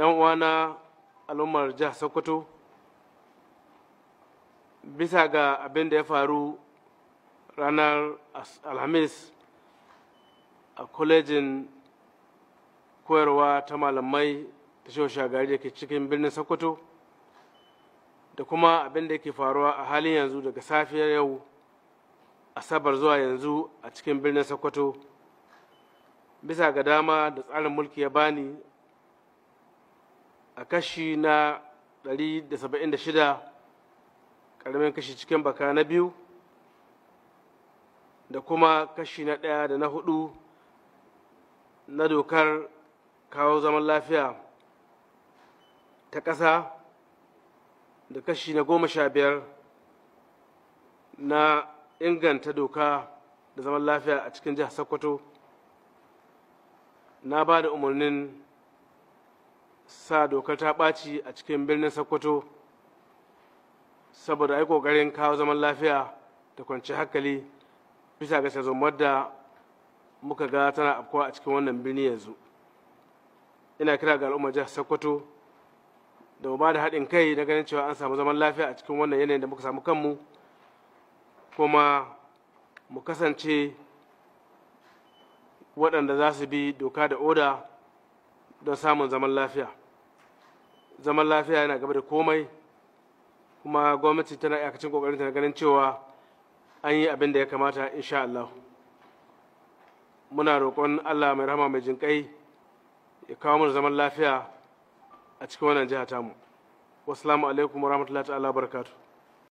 'yan uwana al'ummar jihar sokoto bisa ga abin da ya faru ranar alhamis a kwalejin koyarwa ta malamai ta shagari da ke cikin birnin sokoto da kuma abin da ke faruwa a halin yanzu daga safiyar yau asabar zuwa yanzu a cikin birnin sokoto bisa ga dama da tsarin mulki ya bani a kashi na 176 ƙaramin kashi cikin baka na biyu da kuma kashi na ɗaya da na hudu na dokar kawo zaman lafiya ta ƙasa da kashi na goma sha biyar na inganta doka da zaman lafiya a cikin jihar sokoto na ba da umarnin sa dokar ta ɓaci a cikin birnin sokoto saboda ai ƙoƙarin kawo zaman lafiya da kwanci hankali bisa ga sazomar da muka ga tana afkuwa a cikin wannan birni yanzu ina kira ga al'ummar jihar sokoto da ba da haɗin kai na ganin cewa an samu zaman lafiya a cikin wannan yanayin da muka samu kanmu kuma mu kasance waɗanda za su bi doka da oda don samun zaman lafiya zaman lafiya yana gaba da komai kuma gwamnati tana iyakacin kokarinta na ganin cewa an yi abin da ya kamata insha Allah muna roƙon Allah mai rahama mai jinƙai ya kawo mana zaman lafiya a cikin wannan jiha tamu wasu alaikum warahmatullahi ta'ala barakatuh